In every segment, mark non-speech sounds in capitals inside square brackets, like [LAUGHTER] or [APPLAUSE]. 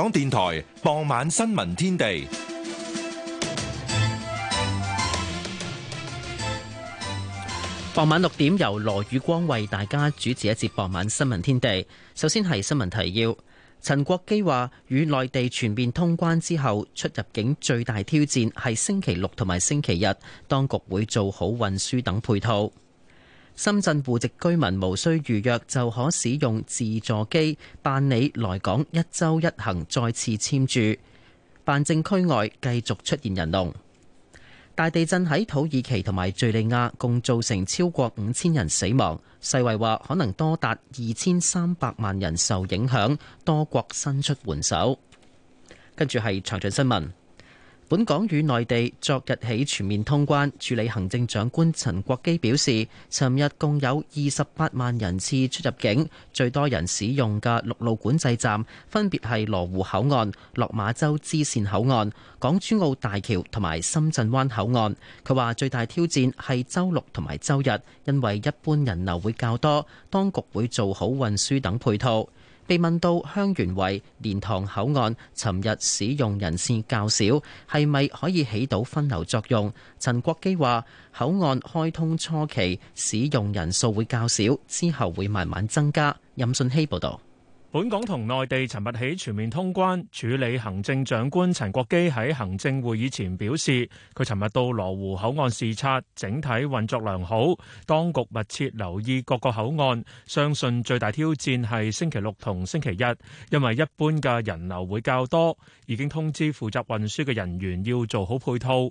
港電台傍晚新聞天地，傍晚六點由羅宇光為大家主持一節傍晚新聞天地。首先係新聞提要，陳國基話，與內地全面通關之後，出入境最大挑戰係星期六同埋星期日，當局會做好運輸等配套。深圳戶籍居民無需預約就可使用自助機辦理來港一周一行再次簽注。辦證區外繼續出現人龍。大地震喺土耳其同埋敘利亞共造成超過五千人死亡，世衛話可能多達二千三百萬人受影響，多國伸出援手。跟住係詳盡新聞。本港與內地昨日起全面通關，處理行政長官陳國基表示，尋日共有二十八萬人次出入境，最多人使用嘅陸路管制站分別係羅湖口岸、落馬洲支線口岸、港珠澳大橋同埋深圳灣口岸。佢話最大挑戰係周六同埋周日，因為一般人流會較多，當局會做好運輸等配套。被問到香園圍蓮塘口岸尋日使用人次較少，係咪可以起到分流作用？陳國基話：口岸開通初期使用人數會較少，之後會慢慢增加。任信希報導。本港同內地尋日起全面通關，署理行政長官陳國基喺行政會議前表示，佢尋日到羅湖口岸視察，整體運作良好，當局密切留意各個口岸，相信最大挑戰係星期六同星期日，因為一般嘅人流會較多，已經通知負責運輸嘅人員要做好配套。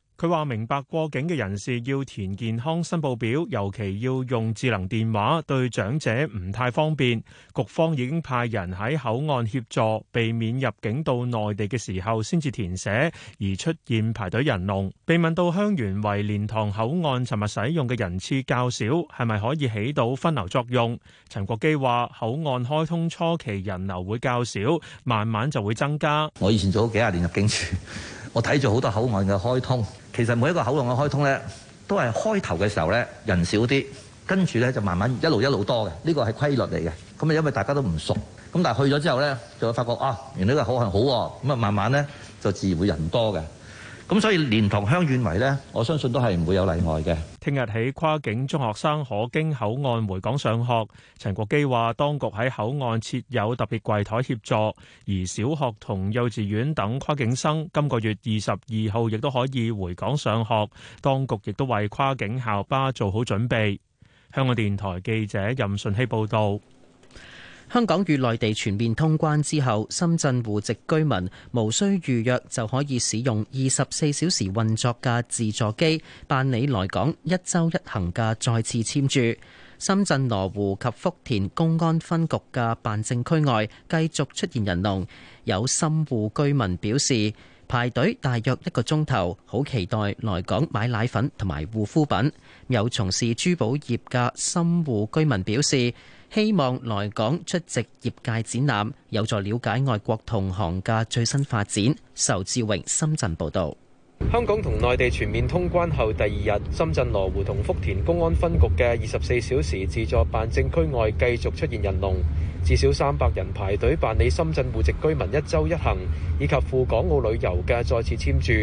佢話：明白過境嘅人士要填健康申報表，尤其要用智能電話，對長者唔太方便。局方已經派人喺口岸協助，避免入境到內地嘅時候先至填寫，而出現排隊人龍。被問到香園圍蓮塘口岸尋日使用嘅人次較少，係咪可以起到分流作用？陳國基話：口岸開通初期人流會較少，慢慢就會增加。我以前做咗幾十年入境處，我睇咗好多口岸嘅開通。其實每一個口岸嘅開通呢，都係開頭嘅時候呢，人少啲，跟住呢就慢慢一路一路多嘅，呢個係規律嚟嘅。咁啊，因為大家都唔熟，咁但係去咗之後呢，就會發覺啊，原來個口岸好喎，咁啊慢慢呢，就自然會人多嘅。咁所以連同鄉遠迷呢，我相信都係唔會有例外嘅。聽日起，跨境中學生可經口岸回港上學。陳國基話，當局喺口岸設有特別櫃枱協助，而小學同幼稚園等跨境生今個月二十二號亦都可以回港上學。當局亦都為跨境校巴做好準備。香港電台記者任順希報導。香港與內地全面通關之後，深圳戶籍居民無需預約就可以使用二十四小時運作嘅自助機辦理來港一周一行嘅再次簽注。深圳羅湖及福田公安分局嘅辦證區外繼續出現人龍，有深戶居民表示，排隊大約一個鐘頭，好期待來港買奶粉同埋護膚品。有從事珠寶業嘅深戶居民表示。希望來港出席業界展覽，有助了解外國同行嘅最新發展。仇志榮，深圳報導。香港同內地全面通關後第二日，深圳羅湖同福田公安分局嘅二十四小時自助辦證區外繼續出現人龍，至少三百人排隊辦理深圳戶籍居民一周一行，以及赴港澳旅遊嘅再次簽注。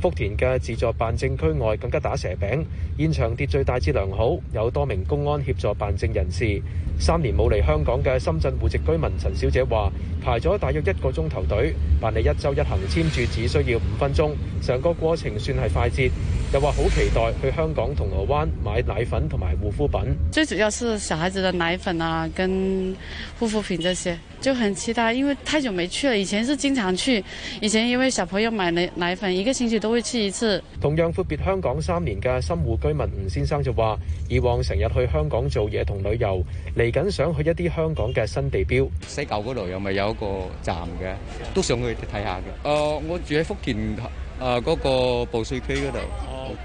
福田嘅自助辦證區外更加打蛇餅，現場秩序大致良好，有多名公安協助辦證人士。三年冇嚟香港嘅深圳戶籍居民陳小姐話，排咗大約一個鐘頭隊，辦理一周一行簽注只需要五分鐘，成個過程算係快捷，又話好期待去香港銅鑼灣買奶粉同埋護膚品。最主要是小孩子的奶粉啊，跟護膚品這些，就很期待，因為太久沒去了，以前是經常去，以前因為小朋友買奶奶粉一個星期都。會去一次。同樣闊別香港三年嘅深戶居民吳先生就話，以往成日去香港做嘢、同旅遊，嚟緊想去一啲香港嘅新地標。西九嗰度有咪有一個站嘅？都想去睇下嘅。誒，我住喺福田。啊！嗰、呃嗰個保稅區嗰度，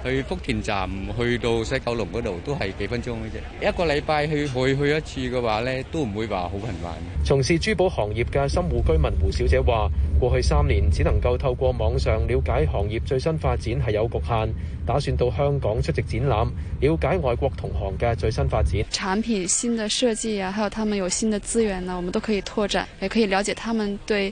去福田站去到西九龍嗰度都係幾分鐘嘅啫。一個禮拜去去去一次嘅話呢，都唔會話好頻繁。從事珠寶行業嘅深戶居民胡小姐話，過去三年只能夠透過網上了解行業最新發展係有局限，打算到香港出席展覽，了解外國同行嘅最新發展。產品新嘅設計啊，還有他們有新的資源呢，我們都可以拓展，也可以了解他們對。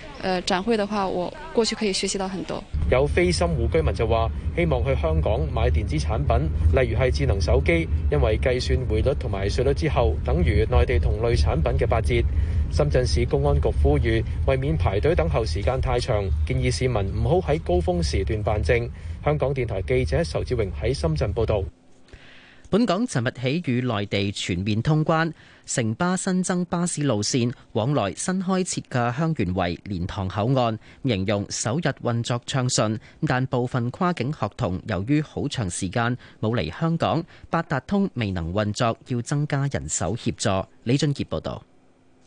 誒，展會的話，我過去可以學習到很多。有非深戶居民就話，希望去香港買電子產品，例如係智能手機，因為計算匯率同埋稅率之後，等於內地同類產品嘅八折。深圳市公安局呼籲，為免排隊等候時間太長，建議市民唔好喺高峰時段辦證。香港電台記者仇志榮喺深圳報道。本港尋日起與內地全面通關，城巴新增巴士路線往來新開設嘅香園圍蓮塘口岸，形容首日運作暢順，但部分跨境學童由於好長時間冇嚟香港，八達通未能運作，要增加人手協助。李俊杰報道，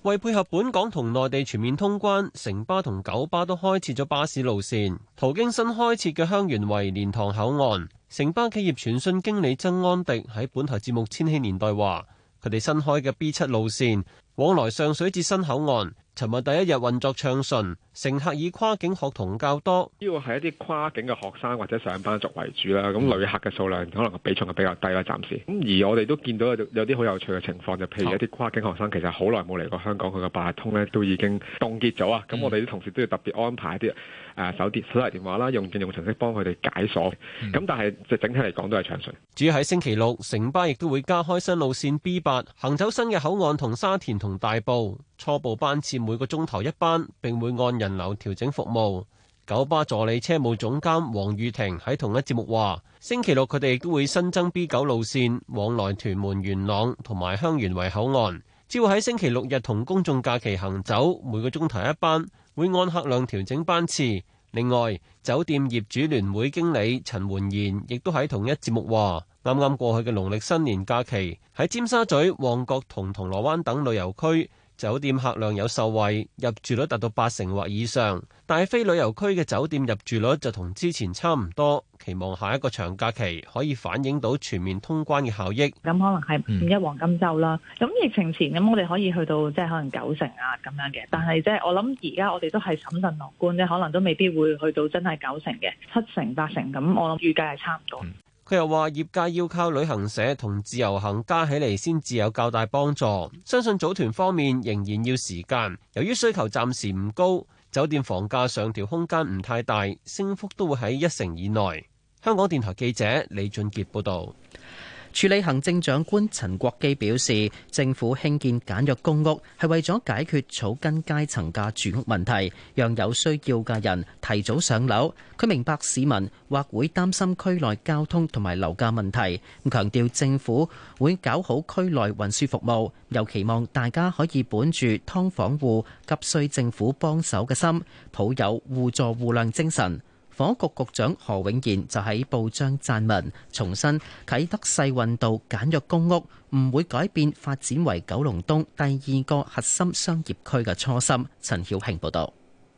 為配合本港同內地全面通關，城巴同九巴都開設咗巴士路線，途經新開設嘅香園圍蓮塘口岸。城巴企業傳訊經理曾安迪喺本台節目《千禧年代》話，佢哋新開嘅 B7 路線往來上水至新口岸。尋日第一日運作暢順，乘客以跨境學童較多，呢個係一啲跨境嘅學生或者上班族為主啦。咁旅、嗯、客嘅數量可能比重係比較低啦、啊，暫時。咁而我哋都見到有有啲好有趣嘅情況，就譬如一啲跨境學生其實好耐冇嚟過香港，佢嘅八達通咧都已經凍結咗啊。咁、嗯、我哋啲同事都要特別安排啲誒、呃、手電手提電話啦，用應用程式幫佢哋解鎖。咁但係就整體嚟講都係暢順。嗯、主要喺星期六，城巴亦都會加開新路線 B 八，行走新嘅口岸同沙田同大埔。初步班次每個鐘頭一班，並會按人流調整服務。九巴助理車務總監黃玉婷喺同一節目話，星期六佢哋亦都會新增 B 九路線往來屯門元朗同埋香園圍口岸，只會喺星期六日同公眾假期行走，每個鐘頭一班，會按客量調整班次。另外，酒店業主聯會經理陳煥賢亦都喺同一節目話，啱啱過去嘅農曆新年假期喺尖沙咀、旺角同銅鑼灣等旅遊區，酒店客量有受惠，入住率達到八成或以上。但係非旅遊區嘅酒店入住率就同之前差唔多。期望下一個長假期可以反映到全面通關嘅效益。咁可能係五一黃金周啦。咁疫情前咁我哋可以去到即係可能九成啊咁樣嘅，但係即係我諗而家我哋都係審慎樂觀咧，可能都未必會去到真係九成嘅七成八成咁。我諗預計係差唔多。佢又話：業界要靠旅行社同自由行加起嚟先至有較大幫助，相信組團方面仍然要時間。由於需求暫時唔高，酒店房價上調空間唔太大，升幅都會喺一成以內。香港電台記者李俊傑報道。署理行政長官陳國基表示，政府興建簡約公屋係為咗解決草根階層嘅住屋問題，讓有需要嘅人提早上樓。佢明白市民或會擔心區內交通同埋樓價問題，咁強調政府會搞好區內運輸服務，又期望大家可以本住劏房戶急需政府幫手嘅心，抱有互助互諒精神。房屋局局長何永賢就喺報章撰文重申，啟德世運道簡約公屋唔會改變發展為九龍東第二個核心商業區嘅初心。陳曉慶報道。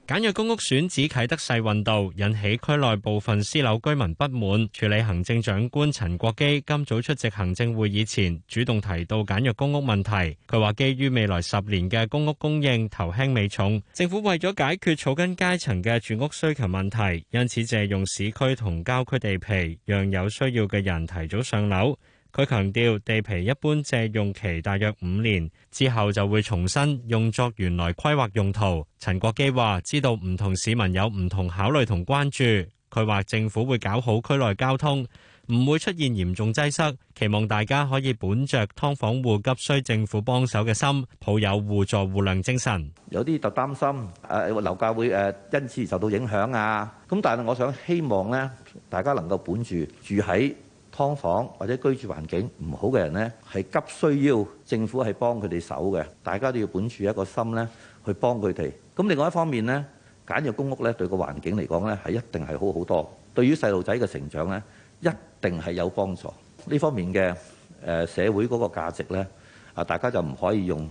簡約公屋選址啟德世運道，引起區內部分私樓居民不滿。署理行政長官陳國基今早出席行政會議前，主動提到簡約公屋問題。佢話：基於未來十年嘅公屋供應頭輕尾重，政府為咗解決草根階層嘅住屋需求問題，因此借用市區同郊區地皮，讓有需要嘅人提早上樓。佢強調，地皮一般借用期大約五年，之後就會重新用作原來規劃用途。陳國基話：知道唔同市民有唔同考慮同關注。佢話政府會搞好區內交通，唔會出現嚴重擠塞。期望大家可以本着劏房戶急需政府幫手嘅心，抱有互助互諒精神。有啲就擔心誒樓價會誒因此而受到影響啊。咁但係我想希望呢，大家能夠本住住喺劏房或者居住環境唔好嘅人呢，係急需要政府係幫佢哋手嘅，大家都要本住一個心呢，去幫佢哋。咁另外一方面呢，簡約公屋呢，對個環境嚟講呢，係一定係好好多，對於細路仔嘅成長呢，一定係有幫助。呢方面嘅誒、呃、社會嗰個價值呢，啊，大家就唔可以用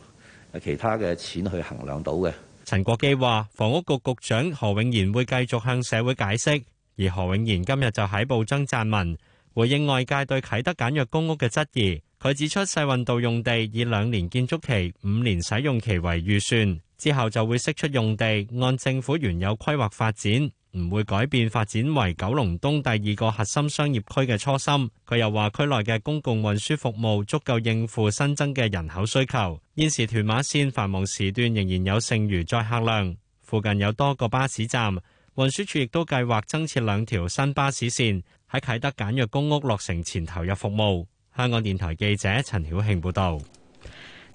其他嘅錢去衡量到嘅。陳國基話：房屋局，局局長何永賢會繼續向社會解釋，而何永賢今日就喺報章撰文。回應外界對啟德簡約公屋嘅質疑，佢指出世運道用地以兩年建築期、五年使用期為預算，之後就會釋出用地，按政府原有規劃發展，唔會改變發展為九龍東第二個核心商業區嘅初心。佢又話區內嘅公共運輸服務足夠應付新增嘅人口需求，現時屯馬綫繁忙時段仍然有剩餘載客量，附近有多個巴士站，運輸署亦都計劃增設兩條新巴士綫喺啟德簡約公屋落成前投入服務。香港電台記者陳曉慶報道，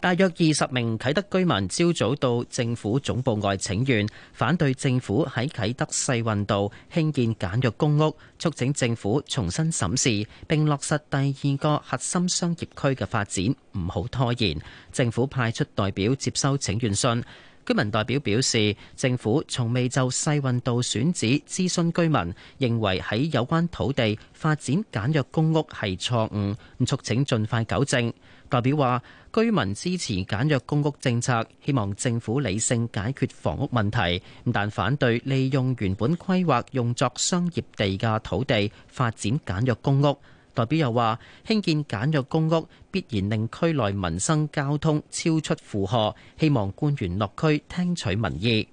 大約二十名啟德居民朝早到政府總部外請願，反對政府喺啟德世運道興建簡約公屋，促請政府重新審視，並落實第二個核心商業區嘅發展，唔好拖延。政府派出代表接收請願信。居民代表表示，政府從未就世運道選址諮詢居民，認為喺有關土地發展簡約公屋係錯誤，咁促請盡快糾正。代表話居民支持簡約公屋政策，希望政府理性解決房屋問題，咁但反對利用原本規劃用作商業地嘅土地發展簡約公屋。代表又話：興建簡約公屋必然令區內民生交通超出負荷，希望官員落區聽取民意。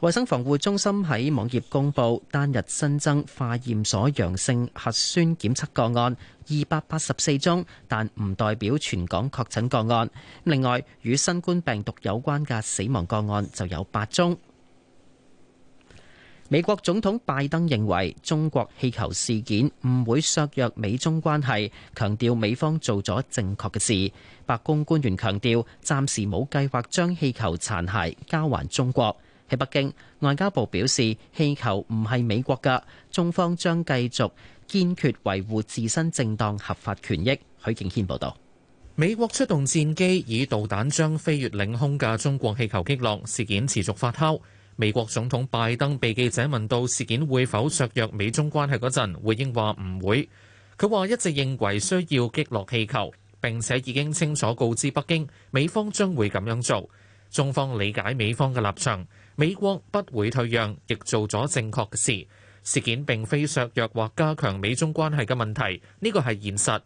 衞 [NOISE] 生防護中心喺網頁公布單日新增化驗所陽性核酸檢測個案二百八十四宗，但唔代表全港確診個案。另外，與新冠病毒有關嘅死亡個案就有八宗。美國總統拜登認為中國氣球事件唔會削弱美中關係，強調美方做咗正確嘅事。白宮官員強調，暫時冇計劃將氣球殘骸交還中國。喺北京，外交部表示氣球唔係美國噶，中方將繼續堅決維護自身正當合法權益。許敬軒報道。美國出動戰機以導彈將飛越領空嘅中國氣球擊落，事件持續發酵。美國總統拜登被記者問到事件會否削弱美中關係嗰陣，回應話唔會。佢話一直認為需要擊落氣球，並且已經清楚告知北京，美方將會咁樣做。中方理解美方嘅立場，美國不會退讓，亦做咗正確嘅事。事件並非削弱或加強美中關係嘅問題，呢個係現實。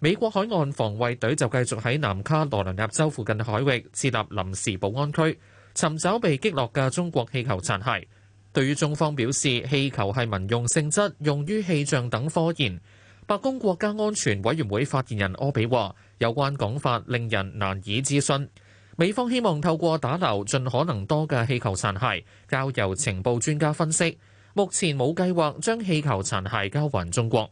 美國海岸防衛隊就繼續喺南卡羅來納州附近海域設立臨時保安區。尋找被擊落嘅中國氣球殘骸，對於中方表示氣球係民用性質，用於氣象等科研。白宮國家安全委員會發言人柯比話：有關講法令人難以置信。美方希望透過打撈盡可能多嘅氣球殘骸，交由情報專家分析。目前冇計劃將氣球殘骸交還中國。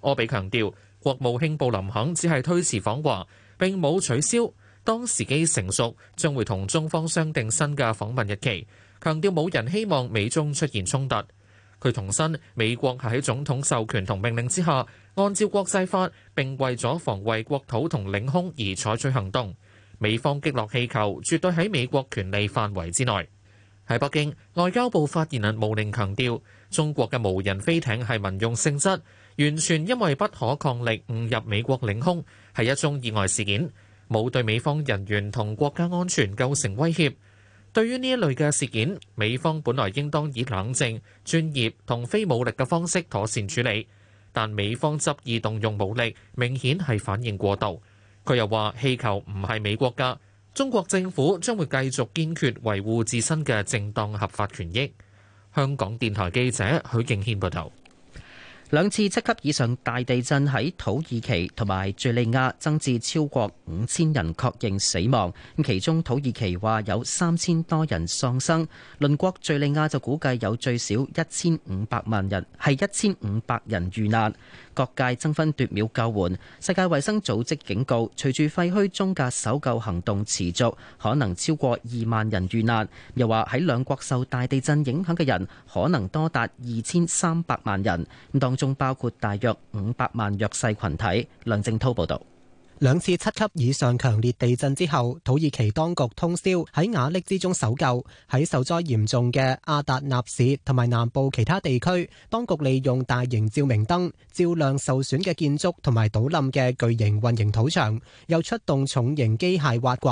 柯比強調，國務卿布林肯只係推遲訪華，並冇取消。當時機成熟，將會同中方商定新嘅訪問日期。強調冇人希望美中出現衝突。佢重申美國係喺總統授權同命令之下，按照國際法並為咗防衛國土同領空而採取行動。美方擊落氣球，絕對喺美國權力範圍之內。喺北京，外交部發言人毛寧強調，中國嘅無人飛艇係民用性質，完全因為不可抗力誤入美國領空，係一宗意外事件。冇對美方人員同國家安全構成威脅。對於呢一類嘅事件，美方本來應當以冷靜、專業同非武力嘅方式妥善處理，但美方執意動用武力，明顯係反應過度。佢又話：氣球唔係美國嘅，中國政府將會繼續堅決維護自身嘅正當合法權益。香港電台記者許敬軒報道。兩次七級以上大地震喺土耳其同埋敘利亞增至超過五千人確認死亡，其中土耳其話有三千多人喪生，鄰國敘利亞就估計有最少一千五百萬人，係一千五百人遇難。各界爭分奪秒救援。世界衛生組織警告，隨住廢墟中嘅搜救行動持續，可能超過二萬人遇難。又話喺兩國受大地震影響嘅人，可能多達二千三百萬人，當中包括大約五百萬弱勢群體。梁正滔報導。兩次七級以上強烈地震之後，土耳其當局通宵喺瓦礫之中搜救。喺受災嚴重嘅阿達納市同埋南部其他地區，當局利用大型照明燈照亮受損嘅建築同埋倒冧嘅巨型混凝土牆，又出動重型機械挖掘。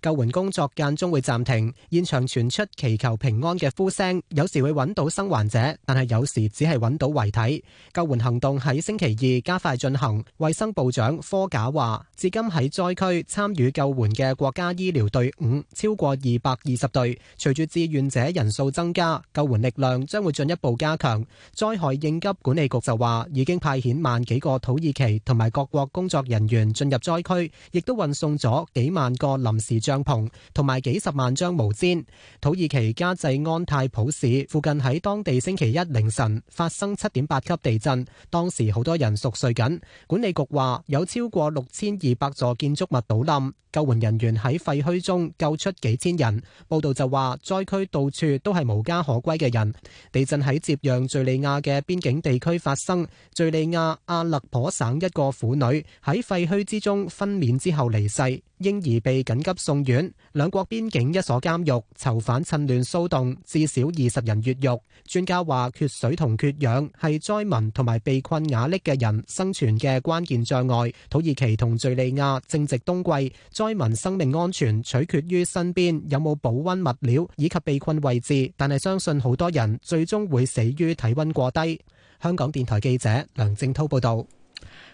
救援工作間中會暫停，現場傳出祈求平安嘅呼聲，有時會揾到生還者，但係有時只係揾到遺體。救援行動喺星期二加快進行。衛生部長科賈話。至今喺災區參與救援嘅國家醫療隊伍超過二百二十隊。隨住志願者人數增加，救援力量將會進一步加強。災害應急管理局就話，已經派遣萬幾個土耳其同埋各國工作人員進入災區，亦都運送咗幾萬個臨時帳篷同埋幾十萬張毛氈。土耳其加濟安泰普市附近喺當地星期一凌晨發生七點八級地震，當時好多人熟睡緊。管理局話有超過六千二百座建築物倒冧，救援人員喺廢墟中救出幾千人。報道就話，災區到處都係無家可歸嘅人。地震喺接壤敘利亞嘅邊境地區發生，敘利亞阿勒頗省一個婦女喺廢墟之中分娩之後離世，嬰兒被緊急送院。兩國邊境一所監獄囚犯趁亂騷動，至少二十人越獄。專家話，缺水同缺氧係災民同埋被困瓦礫嘅人生存嘅關鍵障礙。土耳其同敘。利亞正值冬季，災民生命安全取決於身邊有冇保温物料以及被困位置，但係相信好多人最終會死於體温過低。香港電台記者梁正濤報道，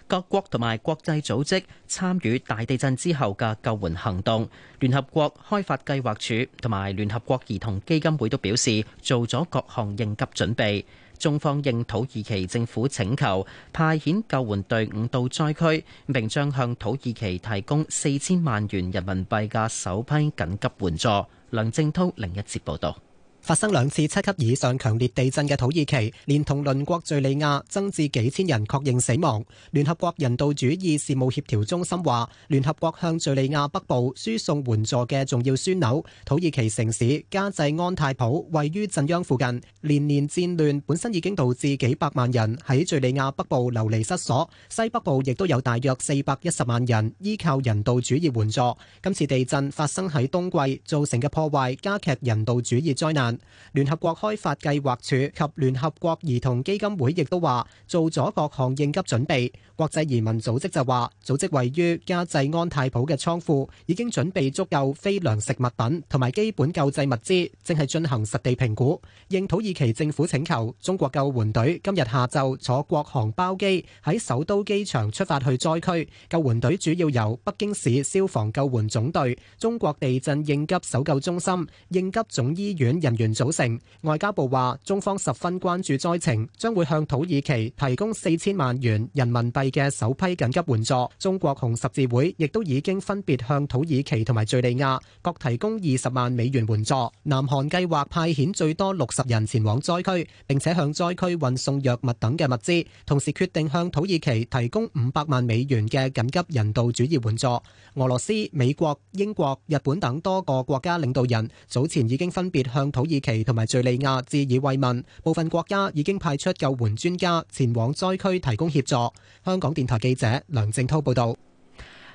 各國同埋國際組織參與大地震之後嘅救援行動，聯合國開發計劃署同埋聯合國兒童基金會都表示做咗各項應急準備。中方應土耳其政府請求，派遣救援隊伍到災區，並將向土耳其提供四千萬元人民幣嘅首批緊急援助。梁正濤另一節報道。發生兩次七級以上強烈地震嘅土耳其，連同鄰國敘利亞，增至幾千人確認死亡。聯合國人道主義事務協調中心話，聯合國向敘利亞北部輸送援助嘅重要樞紐土耳其城市加濟安泰普位於震央附近。連年戰亂本身已經導致幾百萬人喺敘利亞北部流離失所，西北部亦都有大約四百一十萬人依靠人道主義援助。今次地震發生喺冬季，造成嘅破壞加劇人道主義災難。聯合國開發計劃署及聯合國兒童基金會亦都話做咗各項應急準備。國際移民組織就話，組織位於加濟安泰普嘅倉庫已經準備足夠非糧食物品同埋基本救濟物資，正係進行實地評估。應土耳其政府請求，中國救援隊今日下晝坐國航包機喺首都機場出發去災區。救援隊主要由北京市消防救援總隊、中國地震應急搜救中心、應急總醫院人員元組成，外交部話中方十分關注災情，將會向土耳其提供四千萬元人民幣嘅首批緊急援助。中國紅十字會亦都已經分別向土耳其同埋敘利亞各提供二十萬美元援助。南韓計劃派遣最多六十人前往災區，並且向災區運送藥物等嘅物資，同時決定向土耳其提供五百萬美元嘅緊急人道主義援助。俄羅斯、美國、英國、日本等多個國家領導人早前已經分別向土耳其土耳其同埋敘利亞致以慰問，部分國家已經派出救援專家前往災區提供協助。香港電台記者梁靜韜報道。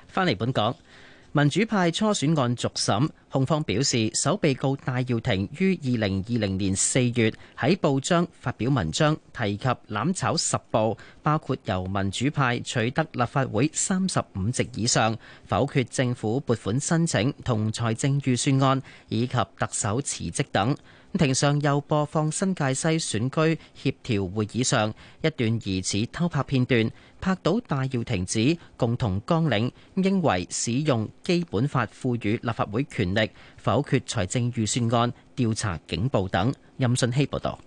翻嚟本港。民主派初選案續審，控方表示，首被告戴耀廷於二零二零年四月喺報章發表文章，提及攬炒十步，包括由民主派取得立法會三十五席以上，否決政府撥款申請同財政預算案，以及特首辭職等。庭上又播放新界西選區協調會議上一段疑似偷偷拍片段。拍到戴耀廷指共同綱領，認為使用基本法賦予立法會權力否決財政預算案、調查警暴等。任信希報道：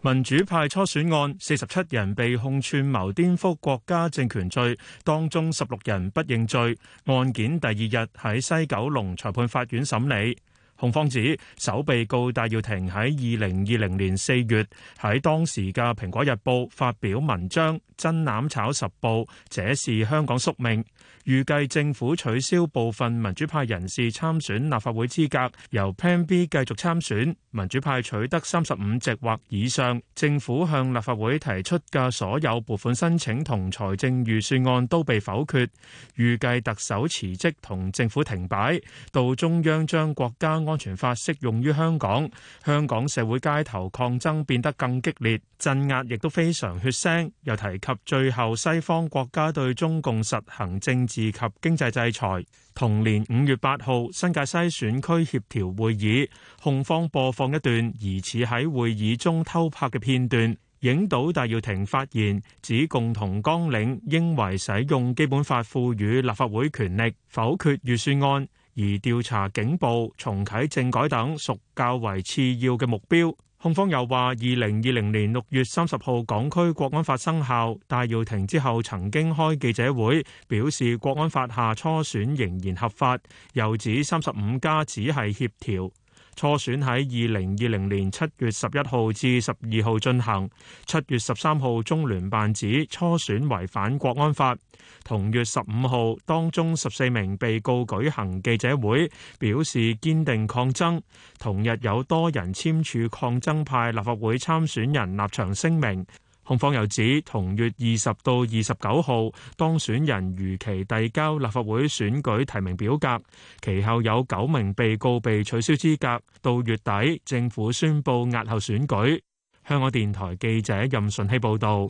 民主派初選案，四十七人被控串謀顛覆國家政權罪，當中十六人不認罪。案件第二日喺西九龍裁判法院審理。控方指，首被告戴耀廷喺二零二零年四月喺當時嘅《蘋果日報》發表文章，真攬炒十報，這是香港宿命。預計政府取消部分民主派人士參選立法會資格，由 Plan B 繼續參選。民主派取得三十五席或以上，政府向立法會提出嘅所有撥款申請同財政預算案都被否決。預計特首辭職同政府停擺，到中央將國家安全法適用於香港，香港社會街頭抗爭變得更激烈，鎮壓亦都非常血腥。又提及最後西方國家對中共實行政政治及經濟制裁。同年五月八號，新界西選區協調會議，控方播放一段疑似喺會議中偷拍嘅片段，影到戴耀廷發言指共同綱領應為使用基本法賦予立法會權力否決預算案，而調查警暴重啟政改等屬較為次要嘅目標。控方又話：二零二零年六月三十號，港區國安法生效，戴耀廷之後曾經開記者會表示國安法下初選仍然合法，又指三十五家只係協調。初選喺二零二零年七月十一號至十二號進行，七月十三號中聯辦指初選違反國安法。同月十五號，當中十四名被告舉行記者會，表示堅定抗爭。同日有多人簽署抗爭派立法會參選人立場聲明。控方又指，同月二十到二十九號，當選人如期遞交立法會選舉提名表格，其後有九名被告被取消資格。到月底，政府宣布押後選舉。香港電台記者任順希報導。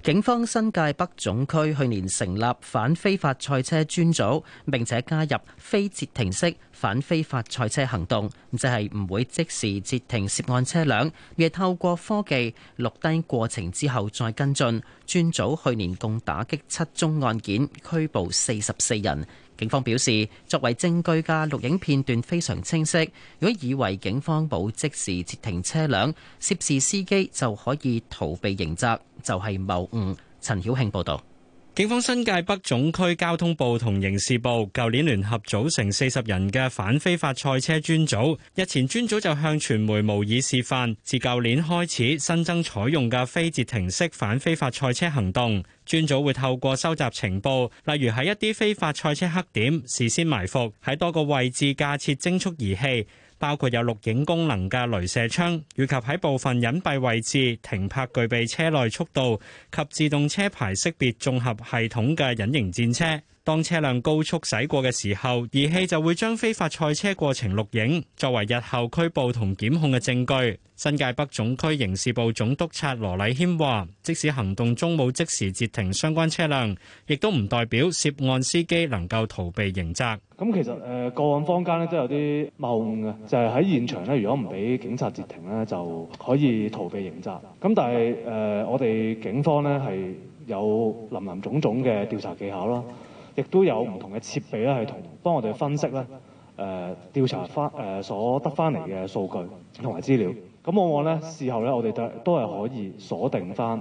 警方新界北總區去年成立反非法賽車專組，並且加入非截停式反非法賽車行動，即係唔會即時截停涉案車輛，若透過科技錄低過程之後再跟進，專組去年共打擊七宗案件，拘捕四十四人。警方表示，作為證據嘅錄影片段非常清晰。如果以為警方冇即時截停車輛，涉事司機就可以逃避刑責，就係謬誤。陳曉慶報道。警方新界北總區交通部同刑事部舊年聯合組成四十人嘅反非法賽車專組，日前專組就向傳媒模擬示範，自舊年開始新增採用嘅非截停式反非法賽車行動，專組會透過收集情報，例如喺一啲非法賽車黑點事先埋伏，喺多個位置架設偵速儀器。包括有錄影功能嘅鐳射槍，以及喺部分隱蔽位置停泊、具備車內速度及自動車牌識別綜合系統嘅隱形戰車。當車輛高速駛過嘅時候，儀器就會將非法賽車過程錄影，作為日後拘捕同檢控嘅證據。新界北總區刑事部總督察羅禮謙話，即使行動中冇即時截停相關車輛，亦都唔代表涉案司機能夠逃避刑責。咁其實誒個案坊間咧都有啲謬誤嘅，就係喺現場咧，如果唔俾警察截停咧，就可以逃避刑責。咁但係誒我哋警方咧係有林林總總嘅調查技巧咯。亦都有唔同嘅設備咧，去同幫我哋分析咧，誒、呃、調查翻誒、呃、所得翻嚟嘅數據同埋資料。咁往往呢，事後呢，我哋都都係可以鎖定翻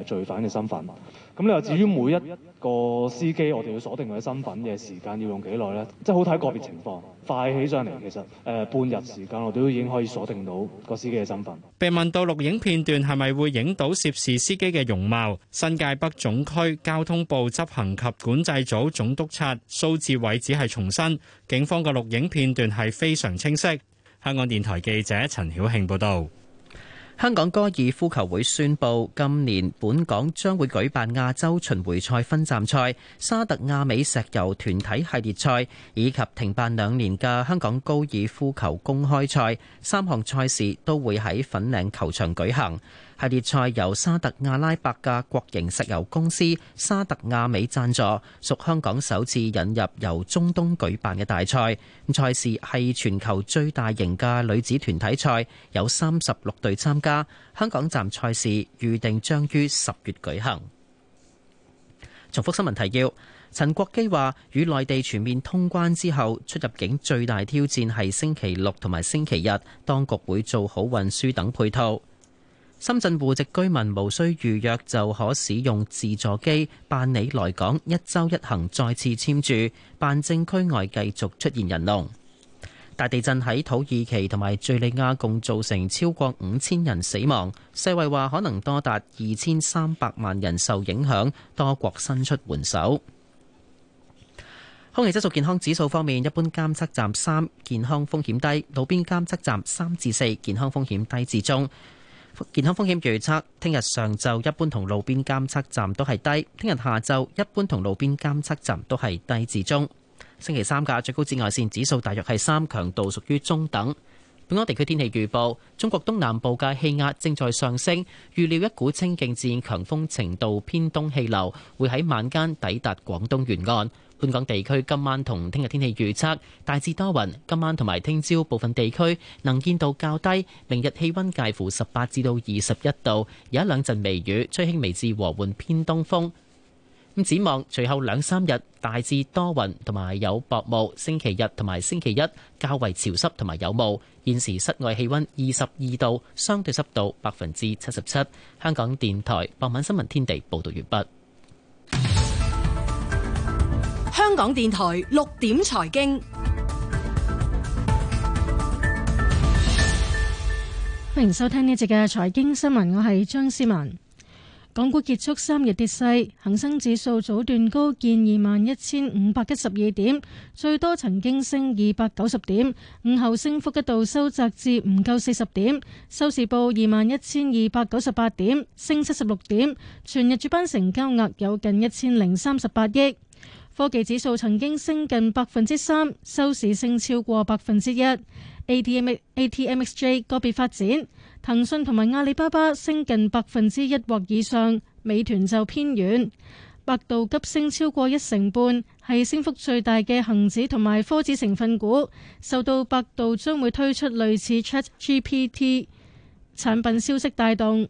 誒罪犯嘅身份。咁你話至於每一個司機，我哋要鎖定佢身份嘅時間要用幾耐呢？即係好睇個別情況，快起上嚟，其實誒半日時間，我都已經可以鎖定到個司機嘅身份。被問到錄影片段係咪會影到涉事司機嘅容貌，新界北總區交通部執行及管制組總督察蘇志偉只係重申，警方嘅錄影片段係非常清晰。香港電台記者陳曉慶報道，香港高爾夫球會宣布，今年本港將會舉辦亞洲巡回賽分站賽、沙特亞美石油團體系列賽以及停辦兩年嘅香港高爾夫球公開賽，三項賽事都會喺粉嶺球場舉行。系列賽由沙特阿拉伯嘅國營石油公司沙特亞美贊助，屬香港首次引入由中東舉辦嘅大賽。咁賽事係全球最大型嘅女子團體賽，有三十六隊參加。香港站賽事預定將於十月舉行。重複新聞提要：陳國基話，與內地全面通關之後，出入境最大挑戰係星期六同埋星期日，當局會做好運輸等配套。深圳戶籍居民無需預約就可使用自助機辦理來港一周一行再次簽注。辦證區外繼續出現人龍。大地震喺土耳其同埋敘利亞共造成超過五千人死亡，世衛話可能多達二千三百萬人受影響，多國伸出援手。空氣質素健康指數方面，一般監測站三健康風險低，路邊監測站三至四健康風險低至中。健康風險預測：聽日上晝一般同路邊監測站都係低，聽日下晝一般同路邊監測站都係低至中。星期三嘅最高紫外線指數大約係三，強度屬於中等。本港地區天氣預報：中國東南部嘅氣壓正在上升，預料一股清勁至強風程度偏東氣流會喺晚間抵達廣東沿岸。本港地區今晚同聽日天氣預測，大致多雲，今晚同埋聽朝部分地區能見度較低，明日氣温介乎十八至到二十一度，有一兩陣微雨，吹輕微至和緩偏東風。咁展望隨後兩三日大致多雲同埋有薄霧，星期日同埋星期一較為潮濕同埋有霧。現時室外氣温二十二度，相對濕度百分之七十七。香港電台傍晚新聞天地報道完畢。香港電台六點財經，歡迎收聽呢一節嘅財經新聞。我係張思文。港股結束三日跌勢，恒生指數早段高見二萬一千五百一十二點，最多曾經升二百九十點，午後升幅一度收窄至唔夠四十點，收市報二萬一千二百九十八點，升七十六點。全日主板成交額有近一千零三十八億。科技指數曾經升近百分之三，收市升超過百分之一。A T M A T M X J 個別發展，騰訊同埋阿里巴巴升近百分之一或以上，美團就偏遠。百度急升超過一成半，係升幅最大嘅恒指同埋科指成分股，受到百度將會推出類似 Chat GPT 產品消息帶動。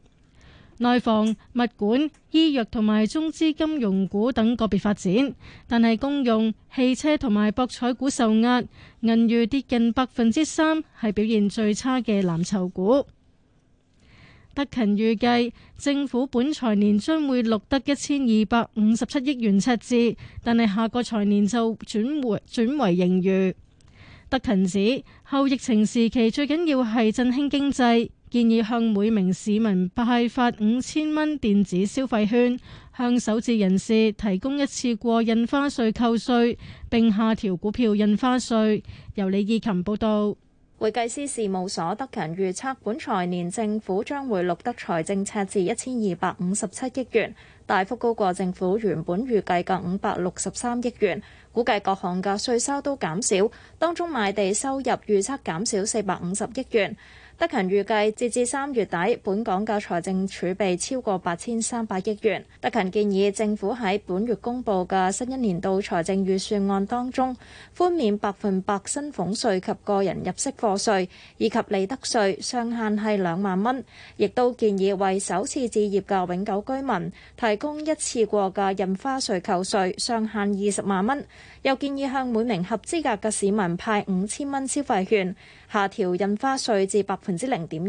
內房、物管、醫藥同埋中資金融股等個別發展，但係公用、汽車同埋博彩股受壓，銀娛跌近百分之三，係表現最差嘅藍籌股。德勤預計政府本財年將會錄得一千二百五十七億元赤字，但係下個財年就轉回，轉為盈餘。德勤指，後疫情時期最緊要係振興經濟。建議向每名市民派發五千蚊電子消費券，向首次人士提供一次過印花稅扣稅，並下調股票印花稅。由李義琴報道。會計師事務所德勤預測，本財年政府將會錄得財政赤字一千二百五十七億元，大幅高過政府原本預計嘅五百六十三億元。估計各項嘅稅收都減少，當中賣地收入預測減少四百五十億元。德勤預計截至三月底，本港嘅財政儲備超過八千三百億元。德勤建議政府喺本月公布嘅新一年度財政預算案當中，寬免百分百薪俸稅及個人入息課稅，以及利得稅上限係兩萬蚊。亦都建議為首次置業嘅永久居民提供一次過嘅印花稅扣稅上限二十萬蚊，又建議向每名合資格嘅市民派五千蚊消費券。下調印花稅至百分之零點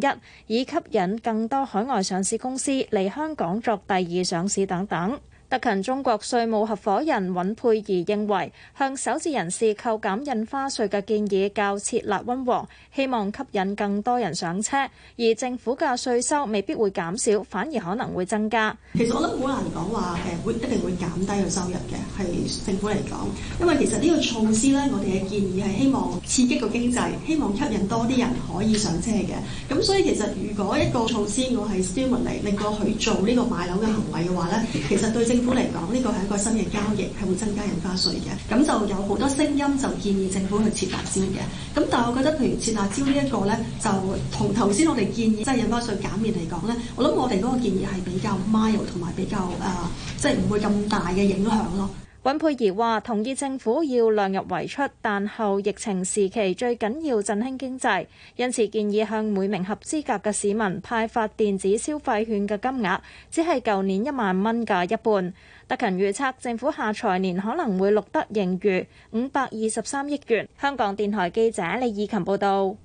一，以吸引更多海外上市公司嚟香港作第二上市等等。德勤中國稅務合夥人尹佩儀認為，向首次人士扣減印花稅嘅建議較設立温和，希望吸引更多人上車，而政府嘅稅收未必會減少，反而可能會增加。其實我諗好難講話，誒會一定會減低個收入嘅，係政府嚟講，因為其實呢個措施咧，我哋嘅建議係希望刺激個經濟，希望吸引多啲人可以上車嘅。咁所以其實如果一個措施我係 stimulate 令我去做呢個買樓嘅行為嘅話咧，其實對政政府嚟講，呢個係一個新嘅交易，係會增加印花稅嘅。咁就有好多聲音就建議政府去撤辣招嘅。咁但係我覺得，譬如撤辣招呢一個呢，就同頭先我哋建議即係印花稅減免嚟講呢，我諗我哋嗰個建議係比較 mild 同埋比較啊，即係唔會咁大嘅影響咯。尹佩儀話：同意政府要量入為出，但後疫情時期最緊要振興經濟，因此建議向每名合資格嘅市民派發電子消費券嘅金額，只係舊年一萬蚊嘅一半。特勤預測政府下財年可能會錄得盈餘五百二十三億元。香港電台記者李以勤報導。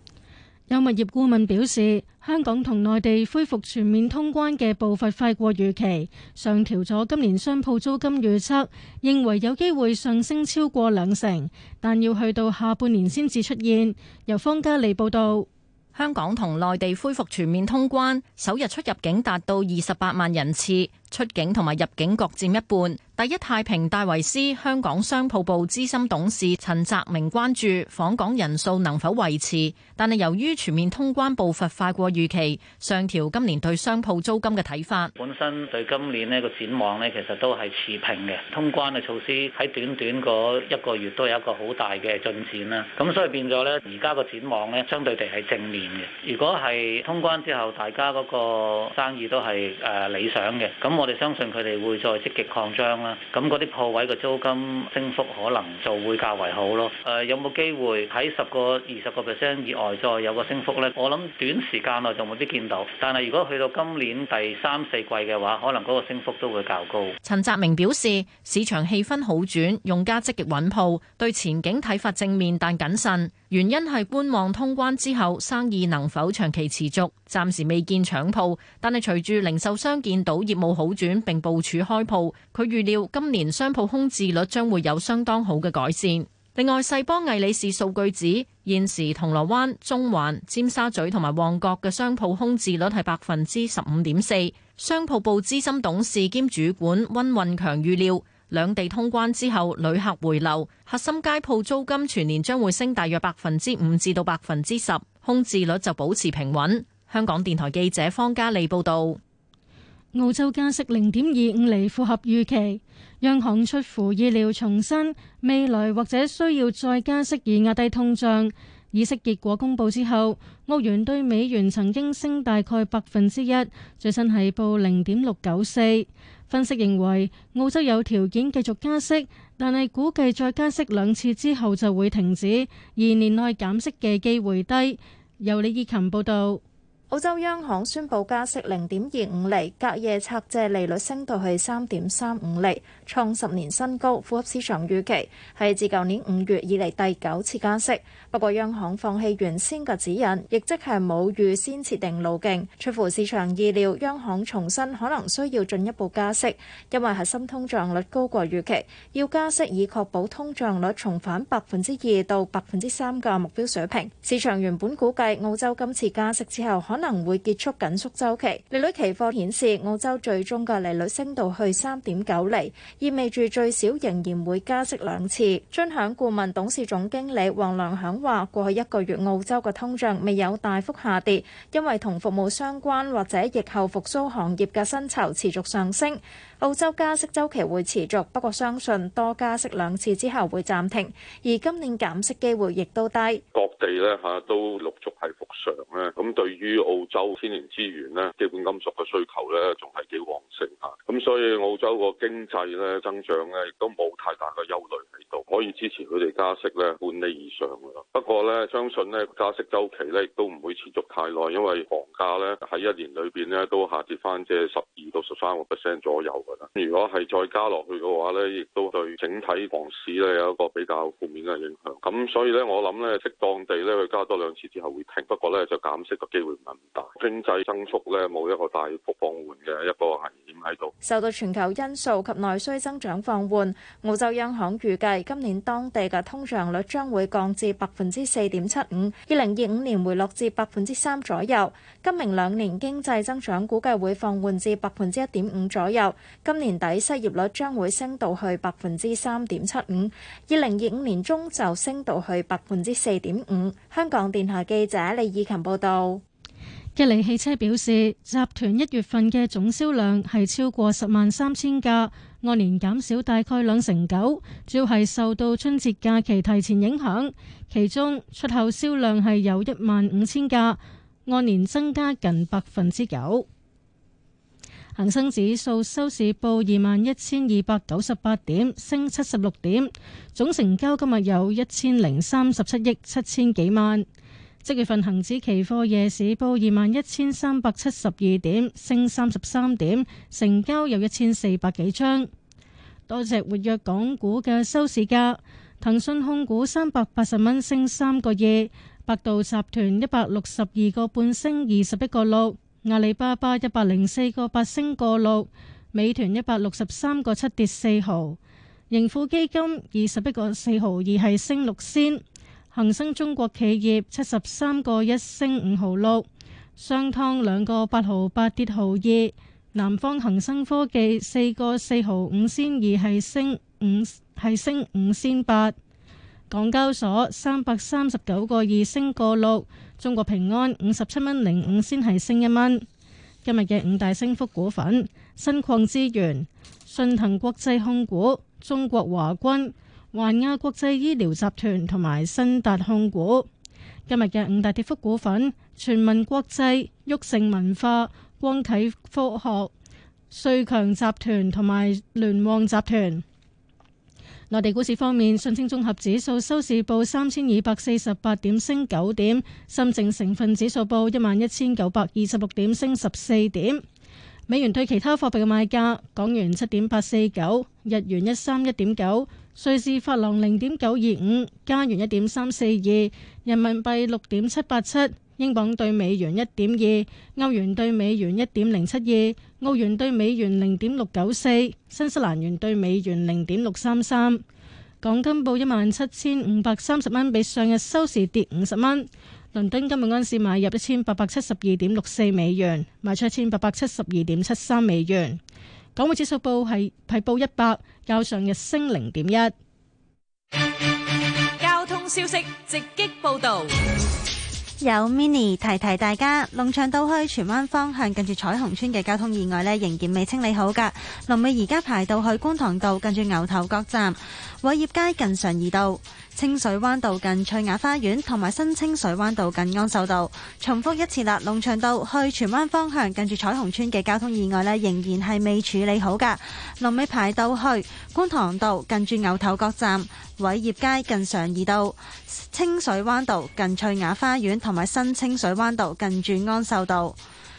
有物業顧問表示，香港同內地恢復全面通關嘅步伐快過預期，上調咗今年商鋪租金預測，認為有機會上升超過兩成，但要去到下半年先至出現。由方嘉利報道，香港同內地恢復全面通關，首日出入境達到二十八萬人次。出境同埋入境各佔一半。第一太平戴維斯香港商鋪部資深董事陳澤明關注訪港人數能否維持，但係由於全面通關步伐快過預期，上調今年對商鋪租金嘅睇法。本身對今年呢個展望咧，其實都係持平嘅。通關嘅措施喺短短嗰一個月都有一個好大嘅進展啦。咁所以變咗咧，而家個展望咧，相對地係正面嘅。如果係通關之後，大家嗰個生意都係誒理想嘅，咁我。我哋相信佢哋會再積極擴張啦，咁嗰啲鋪位嘅租金升幅可能就會較為好咯。誒，有冇機會喺十個、二十個 percent 以外再有個升幅咧？我諗短時間內就冇啲見到，但係如果去到今年第三、四季嘅話，可能嗰個升幅都會較高。陳澤明表示，市場氣氛好轉，用家積極揾鋪，對前景睇法正面，但謹慎。原因係觀望通關之後生意能否長期持續，暫時未見搶鋪。但係隨住零售商見到業務好轉並部署開鋪，佢預料今年商鋪空置率將會有相當好嘅改善。另外，世邦魏理仕數據指現時銅鑼灣、中環、尖沙咀同埋旺角嘅商鋪空置率係百分之十五點四。商鋪部資深董事兼主管溫運強預料。兩地通關之後，旅客回流，核心街鋪租金全年將會升大約百分之五至到百分之十，空置率就保持平穩。香港電台記者方嘉利報道。澳洲加息零點二五厘符合預期，央行出乎意料重申未來或者需要再加息以壓低通脹。議息結果公佈之後，澳元對美元曾經升大概百分之一，最新係報零點六九四。分析認為澳洲有條件繼續加息，但係估計再加息兩次之後就會停止，而年內減息嘅機會低。由李以琴報導。澳洲央行宣布加息零點二五厘，隔夜拆借利率升到去三點三五厘。創十年新高，符合市場預期，係自舊年五月以嚟第九次加息。不過，央行放棄原先嘅指引，亦即係冇預先設定路徑，出乎市場意料。央行重申可能需要進一步加息，因為核心通脹率高過預期，要加息以確保通脹率重返百分之二到百分之三嘅目標水平。市場原本估計澳洲今次加息之後可能會結束緊縮週期。利率期貨顯示澳洲最終嘅利率升到去三點九厘。意味住最少仍然會加息兩次。尊享顧問董事總經理黃良響話：過去一個月澳洲嘅通脹未有大幅下跌，因為同服務相關或者疫後復甦行業嘅薪酬持續上升。澳洲加息周期會持續，不過相信多加息兩次之後會暫停，而今年減息機會亦都低。各地咧嚇都陸續係復常咧，咁對於澳洲天然資源咧、基本金屬嘅需求咧，仲係幾旺盛嚇，咁所以澳洲個經濟咧增長咧亦都冇太大嘅憂慮喺度，可以支持佢哋加息咧半厘以上噶咯。不過咧相信咧加息周期咧亦都唔會持續太耐，因為房價咧喺一年裏邊咧都下跌翻，即係十二到十三個 percent 左右。如果係再加落去嘅話呢亦都對整體房市呢有一個比較負面嘅影響。咁所以呢，我諗呢，適當地呢去加多兩次之後會停，不過呢，就減息嘅機會唔係咁大。經濟增速呢冇一個大幅放緩嘅一個危險喺度。受到全球因素及內需增長放緩，澳洲央行預計今年當地嘅通脹率將會降至百分之四點七五，二零二五年回落至百分之三左右。今明兩年經濟增長估計會放緩至百分之一點五左右。今年底失業率將會升到去百分之三點七五，二零二五年中就升到去百分之四點五。香港電台記者李以琴報道。吉利汽車表示，集團一月份嘅總銷量係超過十萬三千架，按年減少大概兩成九，主要係受到春節假期提前影響。其中出口銷量係有一萬五千架，按年增加近百分之九。恒生指數收市報二萬一千二百九十八點，升七十六點，總成交今日有一千零三十七億七千幾萬。即月份恒指期貨夜市報二萬一千三百七十二點，升三十三點，成交有一千四百幾張。多隻活躍港股嘅收市價，騰訊控股三百八十蚊升三個二，百度集團一百六十二個半升二十一個六。阿里巴巴一百零四個八升過六，美團一百六十三個七跌四毫，盈富基金二十一個四毫二係升六仙，恒生中國企業七十三個一升五毫六，商湯兩個八毫八跌毫二，南方恒生科技四個四毫五仙二係升五係升五仙八，港交所三百三十九個二升過六。中國平安五十七蚊零五先係升一蚊。今日嘅五大升幅股份：新礦資源、信騰國際控股、中國華軍、環亞國際醫療集團同埋新達控股。今日嘅五大跌幅股份：全民國際、旭盛文化、光啟科學、瑞強集團同埋聯旺集團。內地股市方面，上證綜合指數收市報三千二百四十八點，升九點；深證成分指數報一萬一千九百二十六點，升十四點。美元兌其他貨幣嘅賣價：港元七點八四九，日元一三一點九，瑞士法郎零點九二五，加元一點三四二，人民幣六點七八七。英鎊兌美元一點二，歐元兌美元一點零七二，澳元兌美元零點六九四，新西蘭元兌美元零點六三三。港金報一萬七千五百三十蚊，比上日收市跌五十蚊。倫敦金每盎司買入一千八百七十二點六四美元，賣出一千八百七十二點七三美元。港匯指數報係係報一百，較上日升零點一。交通消息直擊報道。有 mini 提提大家，龍翔道去荃灣方向近住彩虹村嘅交通意外咧，仍然未清理好噶。龍尾而家排到去觀塘道近住牛頭角站，偉業街近常怡道，清水灣道近翠雅花園同埋新清水灣道近安秀道。重複一次啦，龍翔道去荃灣方向近住彩虹村嘅交通意外咧，仍然係未處理好噶。龍尾排到去觀塘道近住牛頭角站。偉業街近常怡道，清水灣道近翠雅花園，同埋新清水灣道近住安秀道。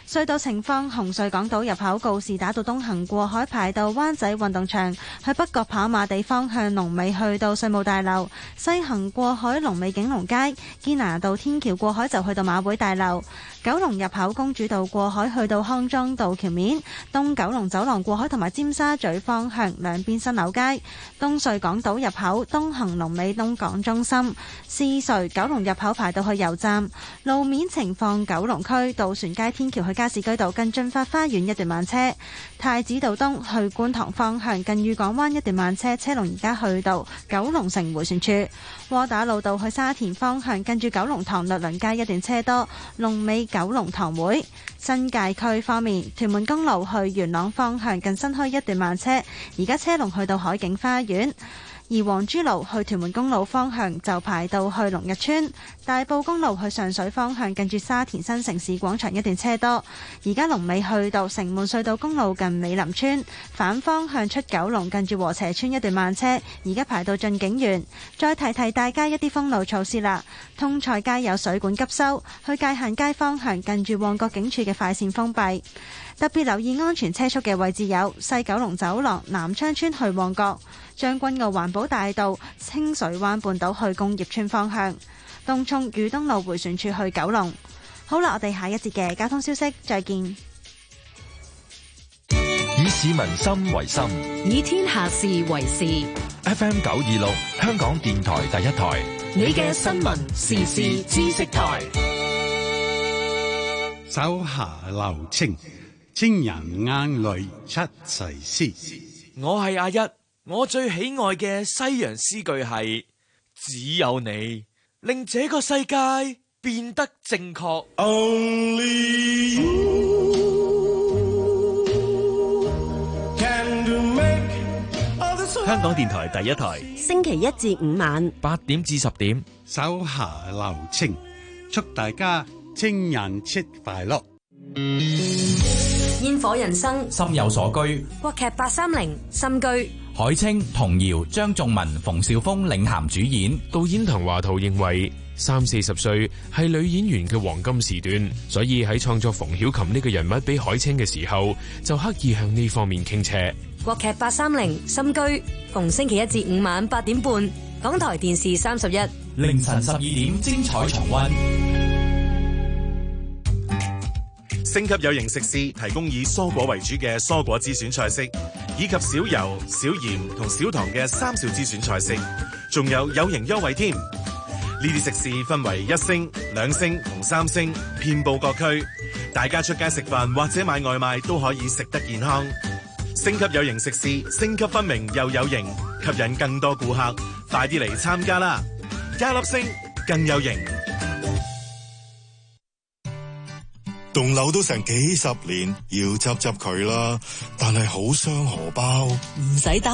隧道情況：紅隧港島入口告示打到東行過海排到灣仔運動場，去北角跑馬地方向龍尾去到稅務大樓；西行過海龍尾景隆街，堅拿道天橋過海就去到馬會大樓。九龍入口公主道過海去到康莊道橋面，東九龍走廊過海同埋尖沙咀方向兩邊新樓街。東隧港島入口東行龍尾東港中心，獅隧九龍入口排到去油站。路面情況：九龍區渡船街天橋去。加士居道近駿發花園一段慢車，太子道東去觀塘方向近裕港灣一段慢車，車龍而家去到九龍城回旋處。窩打老道去沙田方向近住九龍塘律倫街一段車多，龍尾九龍塘會新界區方面，屯門公路去元朗方向近新墟一段慢車，而家車龍去到海景花園。而黃珠路去屯門公路方向就排到去龍日村，大埔公路去上水方向近住沙田新城市廣場一段車多。而家龍尾去到城門隧道公路近美林村，反方向出九龍近住和斜村一段慢車，而家排到駿景園。再提提大街一啲封路措施啦，通菜街有水管急修，去界限街方向近住旺角警署嘅快線封閉。特別留意安全車速嘅位置有西九龍走廊、南昌村去旺角、將軍澳環保大道、清水灣半島去工業村方向、東涌裕東路回旋處去九龍。好啦，我哋下一節嘅交通消息再見。以市民心為心，以天下事為事。F M 九二六，香港電台第一台，你嘅新聞時事知識台，手下留情。情人眼淚出西施，我係阿一，我最喜愛嘅西洋詩句係只有你令這個世界變得正確。Only you，香港電台第一台，星期一至五晚八點至十點，手下留情，祝大家情人節快樂。嗯煙火人生，心有所居。國劇八三零心居，海清、童瑤、張仲文、馮紹峰領銜主演。導演滕華濤認為，三四十歲係女演員嘅黃金時段，所以喺創作馮曉琴呢個人物俾海清嘅時候，就刻意向呢方面傾斜。國劇八三零心居，逢星期一至五晚八點半，港台電視三十一，凌晨十二點精彩重溫。星級有形食肆提供以蔬果為主嘅蔬果之選菜式，以及少油、少鹽同少糖嘅三少之選菜式，仲有有形優惠添。呢啲食肆分為一星、兩星同三星，遍佈各區，大家出街食飯或者買外賣都可以食得健康。星級有形食肆，星級分明又有形，吸引更多顧客，快啲嚟參加啦！加粒星更有形。仲樓到成幾十年，要執執佢啦，但係好傷荷包，唔使擔。